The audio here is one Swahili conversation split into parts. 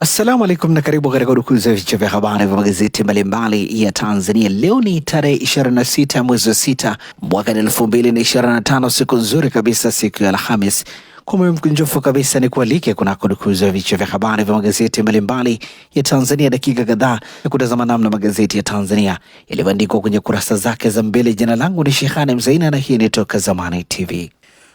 Assalamu alaikum na karibu katika udukuzi ya vichwa vya habari vya magazeti mbalimbali ya Tanzania. Leo ni tarehe 26 mwezi wa sita mwaka 2025, siku nzuri kabisa, siku ya Alhamis. Kwa moyo mkunjufu kabisa ni kualike kunako dukuzi ya vichwa vya habari vya magazeti mbalimbali ya Tanzania, dakika kadhaa ya kutazama namna magazeti ya Tanzania yalivyoandikwa kwenye kurasa zake za mbele. Jina langu ni Shehani Mzaina na hii ni Toka Zamani TV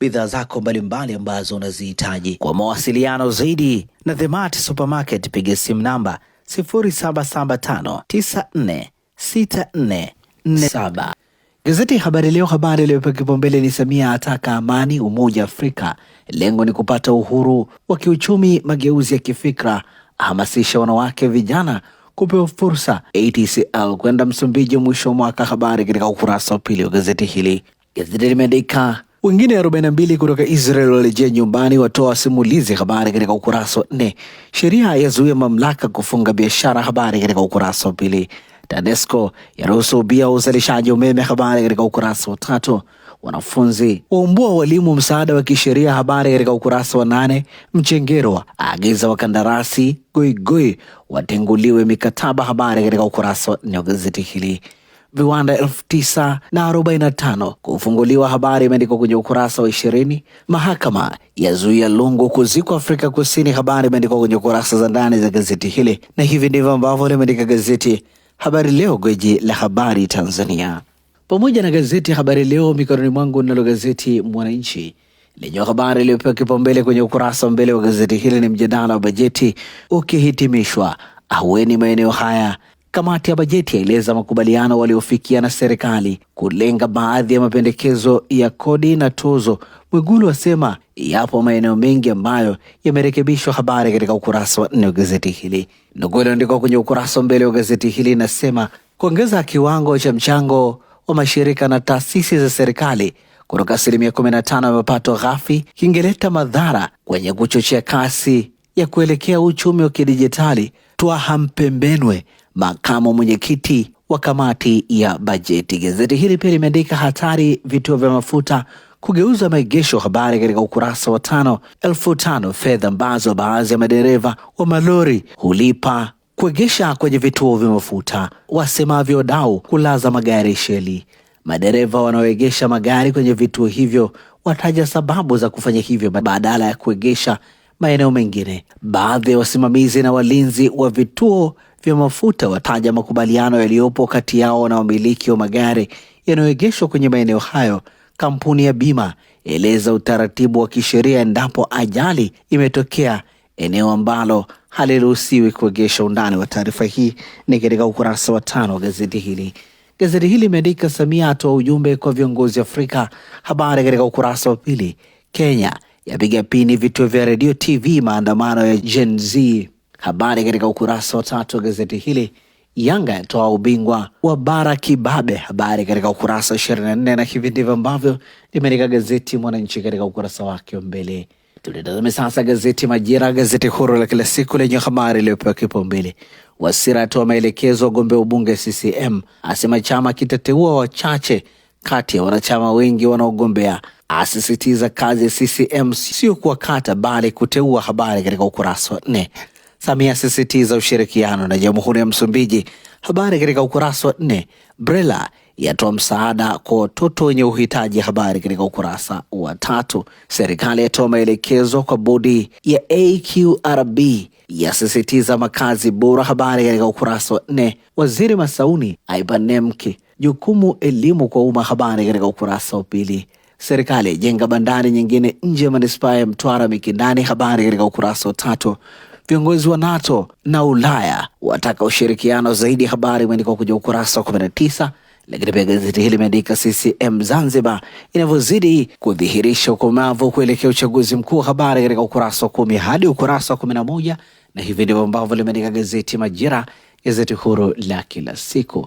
bidhaa zako mbalimbali ambazo unazihitaji. Kwa mawasiliano zaidi na Themart Supermarket piga simu namba 0775946447. Gazeti Habari Leo, habari iliyopewa kipaumbele ni Samia ataka amani Umoja Afrika, lengo ni kupata uhuru wa kiuchumi, mageuzi ya kifikra, ahamasisha wanawake vijana kupewa fursa, ATCL kwenda Msumbiji mwisho wa mwaka. Habari katika ukurasa wa pili wa gazeti hili. Gazeti limeandika wengine 42 kutoka Israel walirejea nyumbani, watoa simulizi. Habari katika ukurasa wa nne. Sheria yazuia mamlaka kufunga biashara. Habari katika ukurasa wa pili. TANESCO yaruhusu ubia uzalishaji umeme. Habari katika ukurasa wa tatu. Wanafunzi waumbua walimu msaada wa kisheria. Habari katika ukurasa wa nane. Mchengerwa aagiza wakandarasi goigoi watenguliwe mikataba. Habari katika ukurasa wa nne wa gazeti hili viwanda elfu tisa na arobaini na tano kufunguliwa. Habari imeandikwa kwenye ukurasa wa ishirini. Mahakama yazuia Lungu kuzikwa Afrika Kusini. Habari imeandikwa kwenye kurasa za ndani za gazeti hili, na hivi ndivyo ambavyo limeandika gazeti Habari Leo, gweji la habari Tanzania, pamoja na gazeti Habari Leo mikononi mwangu. Nalo gazeti Mwananchi lenye habari iliyopewa kipaumbele kwenye ukurasa wa mbele wa gazeti hili ni mjadala wa bajeti ukihitimishwa, ahueni maeneo haya Kamati ya bajeti yaeleza makubaliano waliofikia na serikali kulenga baadhi ya mapendekezo ya kodi na tozo. Mwigulu asema yapo maeneo mengi ambayo yamerekebishwa. Habari katika ukurasa wa nne wa gazeti hili. Nukuu iliyoandikwa kwenye ukurasa wa mbele wa gazeti hili inasema kuongeza kiwango cha mchango wa mashirika na taasisi za serikali kutoka asilimia 15 ya mapato ghafi kingeleta madhara kwenye kuchochea kasi ya kuelekea uchumi wa kidijitali Twaha Mpembenwe, makamu mwenyekiti wa kamati ya bajeti. Gazeti hili pia limeandika hatari vituo vya mafuta kugeuza maegesho, habari katika ukurasa wa tano. Elfu tano fedha ambazo baadhi ya madereva wa malori hulipa kuegesha kwenye vituo vya mafuta, wasemavyo wadau kulaza magari sheli. Madereva wanaoegesha magari kwenye vituo hivyo wataja sababu za kufanya hivyo badala ya kuegesha maeneo mengine. Baadhi ya wasimamizi na walinzi wa vituo vya mafuta wataja makubaliano yaliyopo kati yao na wamiliki wa magari yanayoegeshwa kwenye maeneo hayo. Kampuni ya bima eleza utaratibu wa kisheria endapo ajali imetokea eneo ambalo haliruhusiwi kuegesha. Undani wa taarifa hii ni katika ukurasa wa tano wa gazeti hili. Gazeti hili limeandika Samia atoa ujumbe kwa viongozi Afrika, habari katika ukurasa wa pili. Kenya yapiga pini vituo vya redio TV, maandamano ya Gen Z. Habari katika ukurasa wa tatu wa gazeti hili. Yanga yatoa ubingwa wa bara kibabe, habari katika ukurasa wa ishirini na nne na hivi ndivyo ambavyo limeandika gazeti Mwananchi katika ukurasa wake wa mbele. Tulitazame sasa gazeti Majira, gazeti huru la kila siku lenye habari iliyopewa kipaumbele. Wasira atoa maelekezo wagombea ubunge CCM, asema chama kitateua wachache kati ya wanachama wengi wanaogombea asisitiza kazi ya CCM sio kuwakata bali kuteua. Habari katika ukurasa wa nne. Samia asisitiza ushirikiano na jamhuri ya Msumbiji. Habari katika ukurasa wa nne. Brela yatoa msaada kwa watoto wenye uhitaji. Habari katika ukurasa wa tatu. Serikali yatoa maelekezo kwa bodi ya AQRB yasisitiza makazi bora. Habari katika ukurasa wa nne. Waziri Masauni aipa jukumu elimu kwa umma. Habari katika ukurasa wa pili. Serikali jenga bandari nyingine nje ya manispaa ya Mtwara Mikindani. Habari katika ukurasa wa tatu. Viongozi wa NATO na Ulaya wataka ushirikiano zaidi. Habari imeandikwa kwenye ukurasa wa 19. Lakini pia gazeti hili limeandika CCM Zanzibar inavyozidi kudhihirisha ukomavu kuelekea uchaguzi mkuu, habari katika ukurasa wa kumi hadi ukurasa wa kumi na moja na hivi ndivyo ambavyo limeandika gazeti Majira, gazeti huru la kila siku.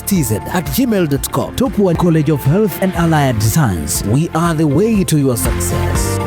stz at gmail.com. Topwan College of Health and Allied Science, we are the way to your success.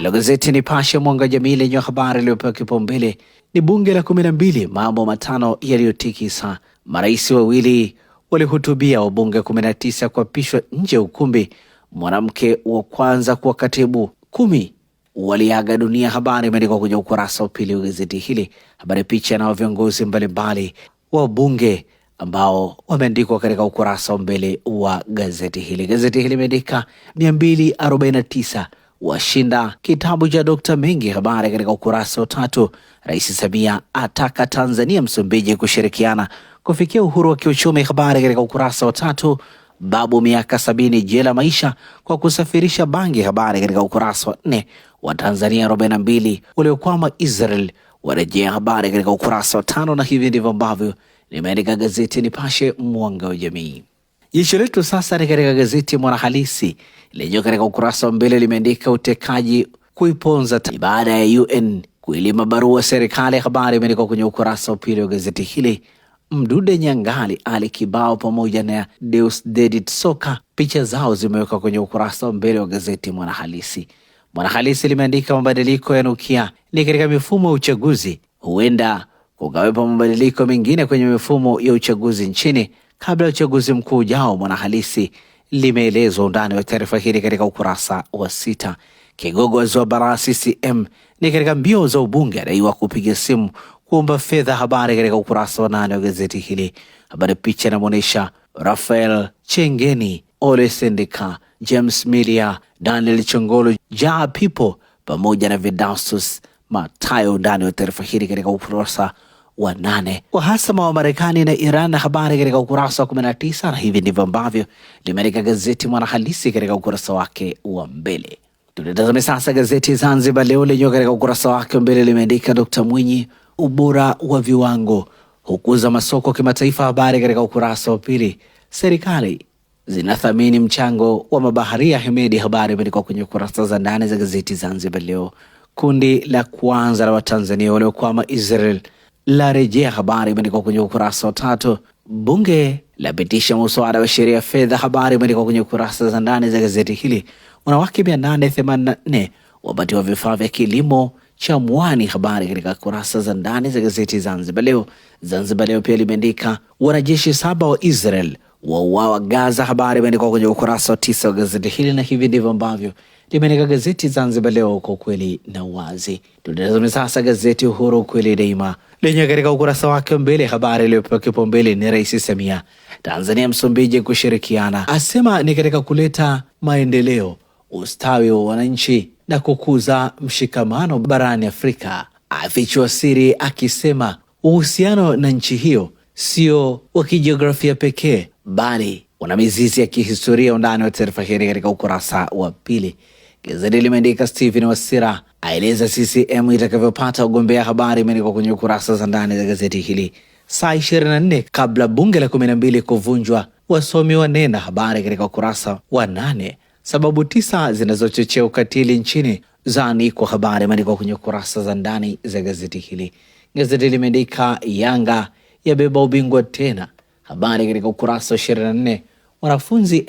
La gazeti Nipashe mwanga jamii lenye habari iliyopewa kipaumbele ni bunge la 12, mambo matano yaliyotikisa. Marais wawili walihutubia wabunge 19 kuapishwa nje ya ukumbi, mwanamke wa kwanza kuwa katibu, kumi waliaga dunia. Habari imeandikwa kwenye ukurasa wa pili wa gazeti hili. Habari picha nao viongozi mbalimbali wa bunge ambao wameandikwa katika ukurasa wa mbele wa gazeti hili. Gazeti hili limeandika 249 washinda kitabu cha Dkt. Mengi. Habari katika ukurasa wa tatu. Rais Samia ataka Tanzania Msumbiji kushirikiana kufikia uhuru wa kiuchumi. Habari katika ukurasa wa tatu. Babu miaka sabini jela maisha kwa kusafirisha bangi. Habari katika ukurasa wa nne. Watanzania 42 waliokwama Israel warejea. Habari katika ukurasa wa tano, na hivi ndivyo ambavyo limeandika gazeti Nipashe mwanga wa jamii. Jicho letu sasa ni katika gazeti Mwanahalisi lenyewe katika ukurasa wa mbele limeandika utekaji kuiponza baada ya UN kuilima barua serikali. Habari imeandikwa kwenye ukurasa wa pili wa gazeti hili. Mdude Nyangali, Ali Kibao pamoja na Deus Soka, picha zao zimewekwa kwenye ukurasa wa mbele wa gazeti Mwanahalisi. Mwanahalisi limeandika mabadiliko ya nukia ni katika mifumo ya uchaguzi huenda kukawepo mabadiliko mengine kwenye mifumo ya uchaguzi nchini kabla ya uchaguzi mkuu ujao. Mwanahalisi limeelezwa undani wa taarifa hili katika ukurasa wa sita. Kigogo wa Zubarara CCM ni katika mbio za ubunge, adaiwa kupiga simu kuomba fedha. Habari katika ukurasa wa nane wa gazeti hili. Habari picha inamwonyesha Rafael Chengeni, Ole Sendika, James Milia, Daniel Chongolo, Ja Pipo pamoja na Vidastus Matayo. Ndani wa taarifa hili katika ukurasa wa nane. Uhasama wa Marekani na Iran na habari katika ukurasa wa 19, na hivi ndivyo ambavyo limeandika gazeti Mwanahalisi katika ukurasa wake wa mbele. Tunatazame sasa gazeti Zanzibar Leo lenyewe katika ukurasa wake wa mbele limeandika Dkt Mwinyi, ubora wa viwango hukuza masoko kimataifa. Habari katika ukurasa wa pili, serikali zinathamini mchango wa mabaharia Hemedi. Habari imeandikwa kwenye kurasa za ndani za gazeti Zanzibar Leo. Kundi la kwanza la Watanzania waliokwama Israel la rejea habari imeandikwa kwenye ukurasa wa tatu. Bunge lapitisha muswada wa sheria ya fedha, habari imeandikwa kwenye kurasa za ndani za gazeti hili. Wanawake mia nane nne wapatiwa vifaa vya kilimo cha mwani, habari katika kurasa za ndani za gazeti Zanzibar Leo. Zanzibar Leo pia limeandika wanajeshi saba wa Israel wauawa Gaza, habari imeandikwa kwenye ukurasa wa tisa wa gazeti hili, na hivi ndivyo ambavyo limeandika gazeti Zanzibar Leo kwa ukweli na uwazi. Tunatazame sasa gazeti Uhuru, ukweli daima lenye katika ukurasa wake mbele habari iliyopewa kipaumbele ni Rais Samia, Tanzania Msumbiji kushirikiana, asema ni katika kuleta maendeleo, ustawi wa wananchi na kukuza mshikamano barani Afrika. Afichua siri akisema uhusiano na nchi hiyo sio wa kijiografia pekee, bali una mizizi ya kihistoria. Undani wa taarifa hii katika ukurasa wa pili. Gazeti limeandika Stephen Wasira aeleza CCM itakavyopata ugombea. Habari imeandikwa kwenye kurasa za ndani za gazeti hili. Saa nne kabla bunge la 12 kuvunjwa, wasomi wanena. Habari katika ukurasa wa nane. Sababu tisa zinazochochea ukatili nchini zani kwa habari imeandikwa kwenye kurasa za ndani za gazeti hili. Gazeti limeandika Yanga yabeba ubingwa tena, habari katika ukurasa wa nne. Wanafunzi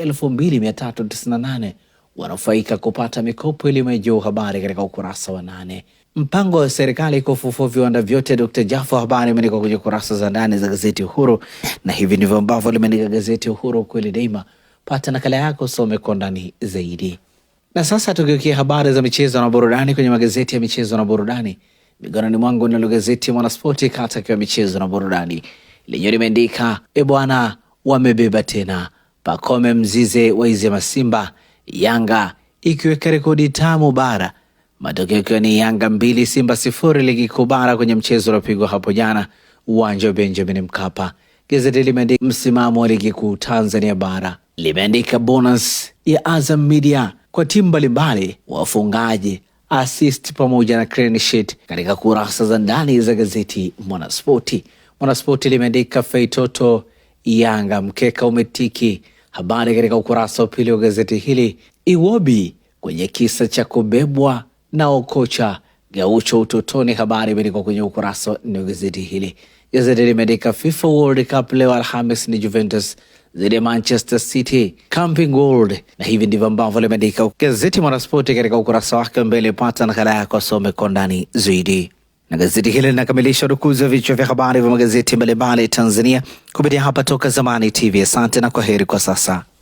nane wananufaika kupata mikopo elimu Habari katika ukurasa wa nane. Mpango wa serikali kufufua viwanda vyote, Dr Jafo. Habari imeandikwa kwenye kurasa za ndani za gazeti Uhuru, na hivi ndivyo ambavyo limeandika gazeti Uhuru, kweli daima. Pata nakala yako, usome kwa ndani zaidi. Na sasa tukiukia habari za michezo na burudani kwenye magazeti ya michezo na burudani, migononi mwangu nalo gazeti Mwanaspoti kata kiwa michezo na burudani, lenyewe limeandika ebwana, wamebeba tena Pakome Mzize waizima Simba Yanga ikiweka rekodi tamu bara, matokeo ikiwa ni Yanga mbili Simba sifuri ligi kuu bara kwenye mchezo uliopigwa hapo jana uwanja wa Benjamin Mkapa. Gazeti limeandika msimamo wa ligi kuu Tanzania bara, limeandika bonus ya Azam Media kwa timu mbalimbali, wafungaji assist pamoja na clean sheet katika kurasa za ndani za gazeti Mwanaspoti. Mwanaspoti limeandika feitoto Yanga mkeka umetiki Habari katika ukurasa wa pili wa gazeti hili, Iwobi kwenye kisa cha kubebwa na okocha Gaucho utotoni. Habari imeandikwa kwenye ukurasa wa nne wa gazeti hili. Gazeti limeandika FIFA World Cup leo Alhamis ni Juventus dhidi ya Manchester City Camping World, na hivi ndivyo ambavyo limeandika gazeti Mwanaspoti katika ukurasa wake mbele. Pata nakala yako, asome kwa ndani zaidi na gazeti hili linakamilisha rukuzi wa vichwa vya habari vya magazeti mbalimbali Tanzania kupitia hapa Toka Zamani TV. Asante na kwa heri kwa sasa.